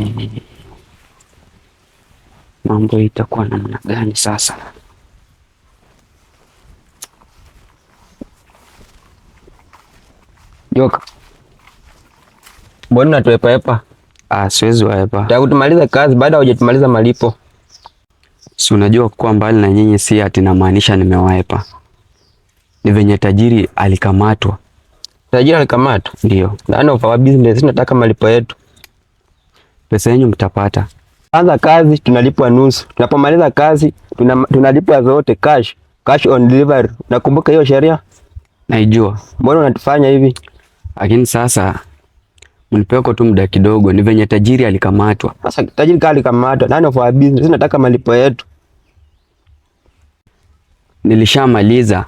E, mambo itakuwa namna gani sasa? Joka, mbona natuepaepa? Ah, siwezi waepa, takutumaliza kazi baada hujatumaliza malipo. Si unajua kuwa mbali na nyinyi, si ati namaanisha nimewaepa, ni venye tajiri alikamatwa. Tajiri alikamatwa ndio, na ana ufawa business, nataka malipo yetu pesa yenu mtapata. Anza kazi tunalipwa nusu, tunapomaliza kazi tunalipwa zote cash, cash on delivery. Nakumbuka hiyo sheria, naijua. Mbona unatufanya hivi? Lakini sasa mlipeko tu muda kidogo, ni venye tajiri alikamatwa. Sasa tajiri kali kamatwa, nani of our business? Nataka malipo yetu. Nilishamaliza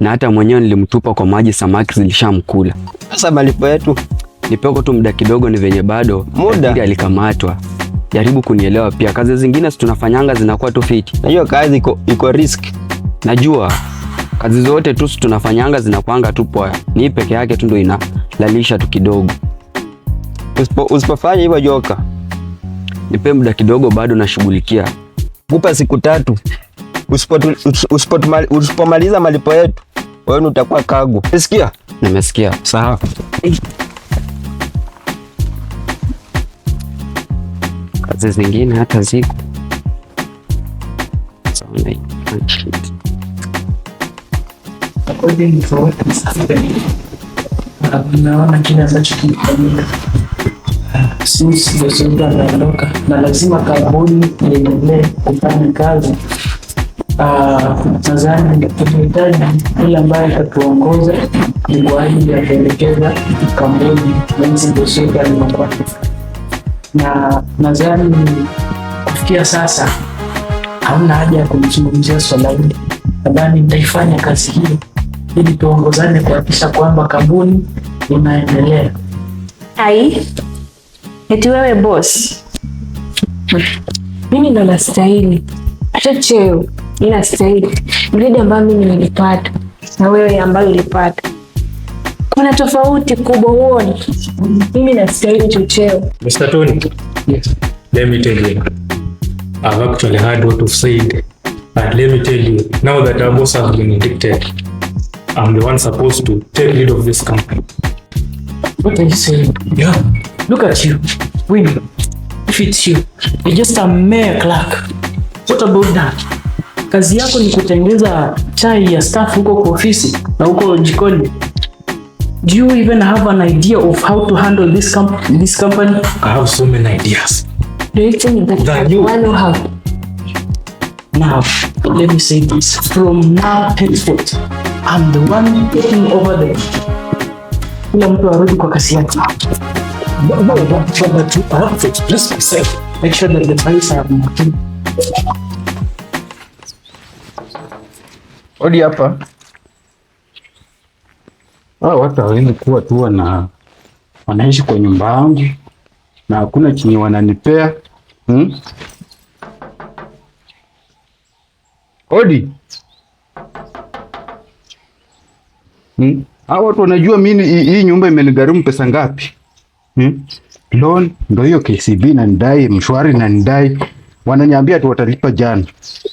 na hata mwenyewe nilimtupa kwa maji, samaki zilishamkula. Sasa malipo yetu nipeko tu muda kidogo, ni venye bado muda alikamatwa. Jaribu kunielewa pia, kazi zingine situnafanyanga zinakuwa tu fiti. Najua kazi iko, iko risk. Najua kazi zote tu situnafanyanga zinakuanga tu poa, ni peke yake tu ndo inalalisha tu kidogo. Usipo, usipofanya hivyo joka, nipe muda kidogo, bado nashughulikia. Kupa siku tatu, usipomaliza usipo malipo yetu wewe utakuwa kago. Nimesikia, Nimesikia. Sawa. kazi zingine hata ziko ah, naona kile ambacho kimefanyika sisiosua anaondoka na lazima kampuni iendelee kufanya kazi. Ah, nadhani tunahitaji yule ambaye atatuongoza ni kwa ajili ya kuelekeza kampuni na nchi na nadhani kufikia sasa hamna haja ya kulizungumzia swala hili. Nadhani nitaifanya kazi hiyo ili tuongozane kuhakikisha kwamba kampuni inaendelea. Ai, eti wewe boss? Mimi ndo nastahili hata cheo, ninastahili grade ambayo mimi nilipata na wewe ambayo ulipata kuna tofauti kubwa huoni? Mimi nastahili chocheo. Mr. Tony. Yes. Let me tell you. I've actually heard what you've said. let me tell you, now that our boss has been indicted, I'm the one supposed to take lead of this company. What are you saying? Yeah. Look at you. Win. If it's you, you're just a mere clerk. What about that? Kazi yako ni kutengeneza chai ya staff huko kwa ofisi na huko jikoni. Do you even have an idea of how to handle this, com this company? I have so many ideas. Do you think that, that you will have? Now, let me say this. From now henceforth, I'm the one taking over the... Kila mtu arudi kwa kasi yake. Odi hapa. Hawa watu hawezi kuwa tu wana wanaishi kwa nyumba yangu na hakuna chenye wananipea hmm? Odi hmm? Hawa watu wanajua mimi hii nyumba imenigharimu pesa ngapi hmm? Loan ndio hiyo KCB na nidai mshwari na nidai wananiambia tu watalipa jana.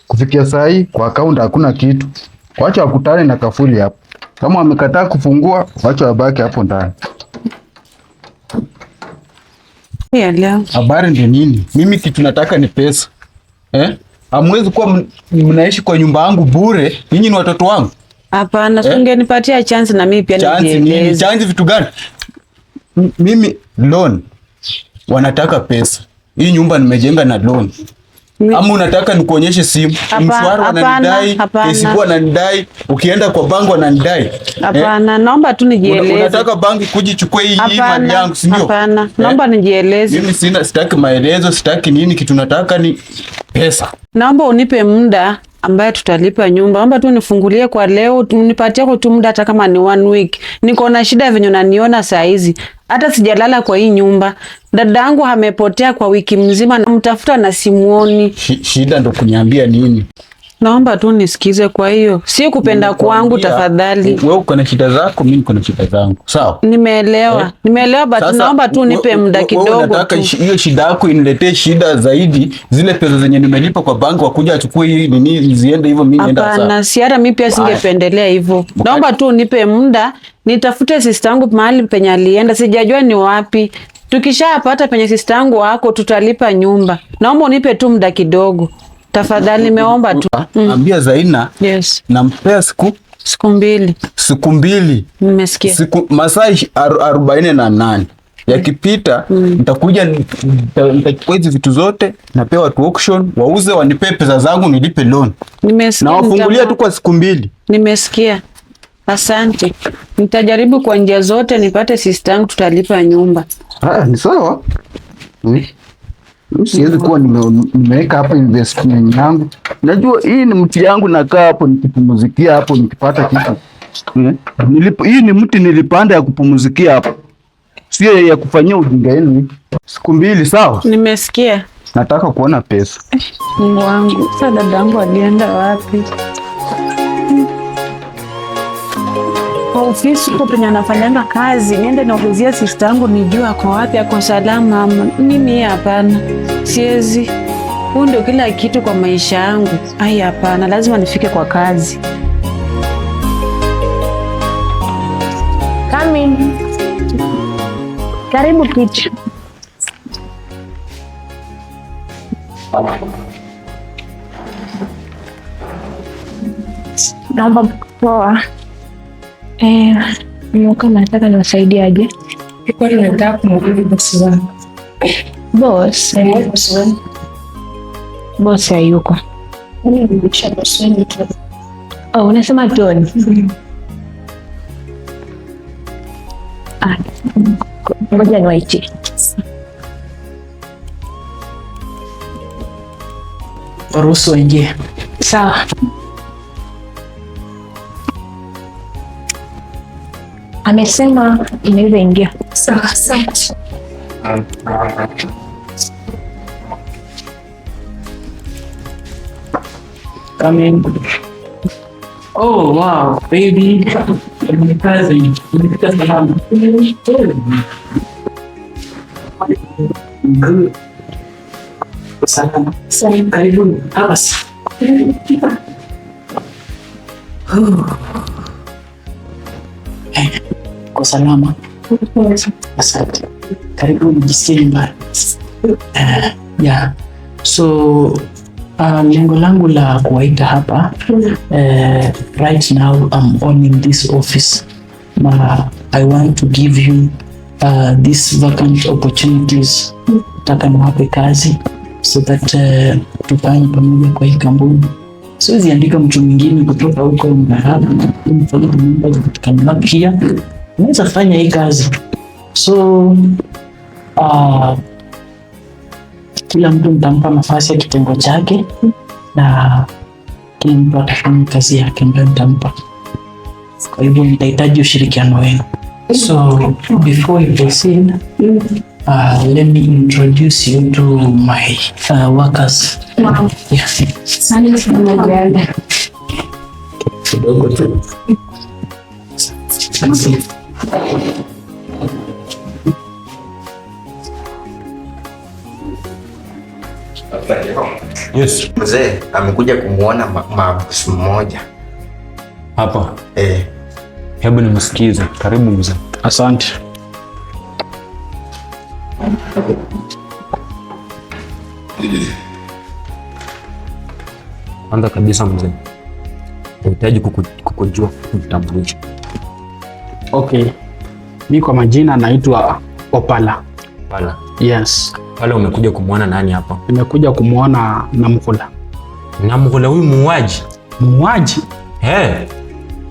Kufikia saa hii kwa akaunti hakuna kitu, wacha wakutane na kafuli hapo. Kama wamekataa kufungua, wacha wabaki hapo ndani. Habari ndio nini? Mimi kitu nataka ni pesa eh? Hamwezi kuwa mnaishi kwa nyumba yangu bure, ninyi ni watoto wangu. Hapana, tungenipatia eh, chance na mimi pia nijieleze. Chance vitu gani? mimi loan wanataka pesa. Hii nyumba nimejenga na loan. Ama unataka nikuonyeshe simu? Mshwari ananidai, Kesibu ananidai, ukienda kwa bangu ananidai. Eh? Hapana, naomba tu nijieleze. Unataka bangi kujichukue hii mali yangu, si ndio? Hapana, eh? naomba nijieleze. Mimi sina, sitaki maelezo, sitaki nini, kitu nataka ni pesa. Naomba unipe muda ambaye tutalipa nyumba, omba tu nifungulie kwa leo, nipatie tu muda hata kama ni one week. Niko na shida venye unaniona saa hizi, hata sijalala kwa hii nyumba. Dada yangu amepotea kwa wiki mzima, namtafuta na simuoni. Shida ndo kuniambia nini? Naomba tu nisikize. Kwa hiyo si kupenda kwangu, tafadhali. Wewe uko na shida zako, mimi niko na shida zangu, sawa? Nimeelewa eh? Nimeelewa but naomba tu nipe muda kidogo. Nataka hiyo shida yako iniletee shida zaidi, zile pesa zenye nimelipa kwa banki wakuja achukue hii nini ziende hivyo, mimi nienda sawa. Hapana, si hata mimi pia singependelea hivyo. Naomba tu nipe muda nitafute sister yangu mahali penye alienda, sijajua ni wapi. Tukishapata penye sister yangu wako tutalipa nyumba. Naomba unipe tu muda kidogo. Tafadhali nimeomba tu. Mm. Ambia Zaina. Yes. Nampea siku siku mbili. Siku mbili. Nimesikia. Siku masaa arobaini na nane yakipita mm. Mm. nitakuja mm. nitachukua hizi vitu zote, napea watu auction wauze, wanipee pesa zangu, nilipe loan. Nimesikia. Na wafungulia tu kwa siku mbili. Nimesikia. Asante, nitajaribu kwa njia zote nipate sistangu, tutalipa nyumba. Ah, ni sawa siwezi kuwa nimeweka hapa investment yangu. Najua hii ni mti yangu, nakaa hapo nikipumuzikia hapo, nikipata kitu eh? Nilipo, hii ni mti nilipanda ya kupumuzikia hapo, sio ya kufanyia ujinga yenu. Siku mbili sawa, nimesikia. Nataka kuona pesa. Mungu wangu, sasa dadangu alienda wapi? Ofisi huko penye anafanyanga kazi, niende naulizia sista yangu nijue ako wapi, ako salama ama mimi? Hapana siwezi. Huu ndio kila kitu kwa maisha yangu. Ai, hapana, lazima nifike kwa kazi. Kami, karibu kitu naomba poa. Eh, nataka niwasaidie aje? Nataka kumrudi bosi wangu Boss. Eh, boss hayuko. Eh, oh, unasema Tony. Ah, ngoja niwaitie. Ruhusu waingie. Sawa. Amesema inaweza ingia. Sawa, sawa. Come in. Oh, wow, baby. My cousin. É Good. Salam. Salam. Karibu. Abbas. Hey, ko salamat. Masarap. karibu nijisikie nyumbani. Uh, yeah. So ah, lengo langu la kuwaita hapa uh, right now I'm owning this office na I want to give you uh, these vacant opportunities. Nataka niwape kazi so that uh, tufanye pamoja kwa hii kampuni. Siwezi andika mtu mwingine kutoka huko mnaaa mfanya kutoka fanya hii kazi So uh, kila mtu mtampa nafasi ya kitengo chake na kila mtu atafanya kazi yake ambayo mtampa. Kwa hivyo nitahitaji ushirikiano wenu. So before you proceed, uh, let me introduce you to my uh, workers. Wow. Yes. Yes. Mzee amekuja kumwona ma mmoja hapa. Eh. Hebu nimsikize. Karibu mzee. Asante. Kwanza kabisa mzee, nahitaji kukujua, kutambulisha. Okay. Mi kwa majina naitwa Opala. Opala. Yes pale. Umekuja kumwona nani hapa? Nimekuja kumwona Namhula. Namhula huyu muuaji? Muuaji? Eh.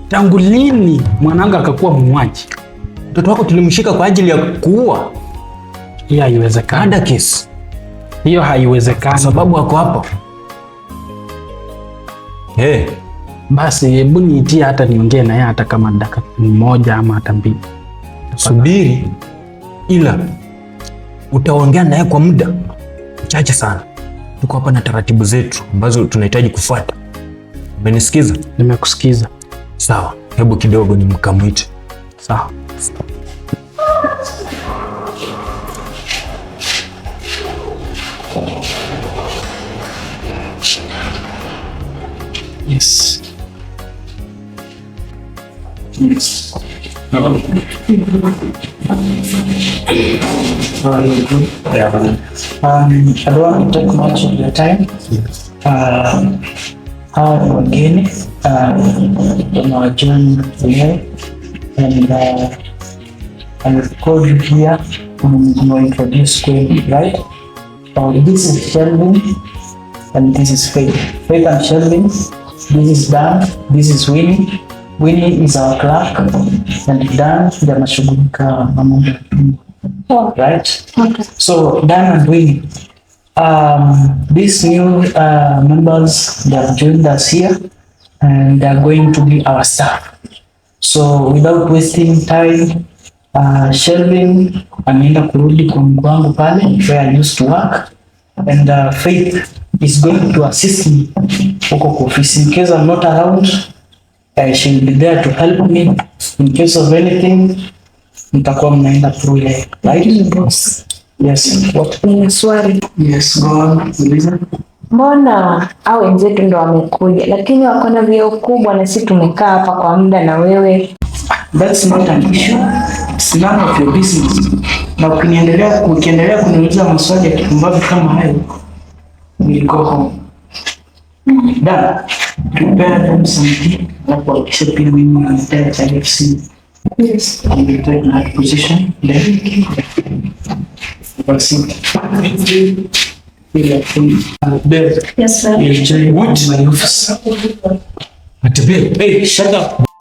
Tangu lini mwanangu akakuwa muuaji? Mtoto wako tulimshika kwa ajili ya kuua? Hiyo haiwezekani. Ada kesi. Hiyo haiwezekani. Sababu ako hapo. Eh. Basi hebu niitie hata niongee naye hata kama dakika moja ama hata mbili. Subiri ila utaongea naye kwa muda mchache sana. Tuko hapa na taratibu zetu ambazo tunahitaji kufuata. Umenisikiza? Nimekusikiza. Sawa, hebu kidogo ni mkamwite. Sawa. Yes. Yes. Um, I don't want to take much of your time. to Uh, hawa ni wageni tunawajoin wenyewe you here. kuintroduce kwenu right so this is shelving uh, uh, and this is faith faith and shelving this is Dan this is Winnie Winnie is our clerk and Dan ndio anashughulika na mambo ya Oh. Right? Okay. So Dan and Winnie um, these new uh, members that have joined us here and they are going to be our staff. So without wasting time uh, Shelvin ameenda kurudi kwa mgu wangu pale where I used to work and uh, Faith is going to assist me huko kwa ofisi in case I'm not around I should be there to help me in case of anything. Mtakuwa mnaenda through right boss. Yes, what? swali. Yes, go on. Mbona au wenzetu ndo wamekuja, lakini wako na vyeo kubwa na sisi tumekaa hapa kwa muda na wewe. That's not an issue. It's none of your business. Na ukiniendelea ukiendelea kuniuliza maswali ya kipumbavu kama hayo, we'll go home. Mm. Done. prepare them something about will women and minimum I have seen. Yes. And you take that position, then you will see. Yes, sir. What? At the bill. Hey, shut up.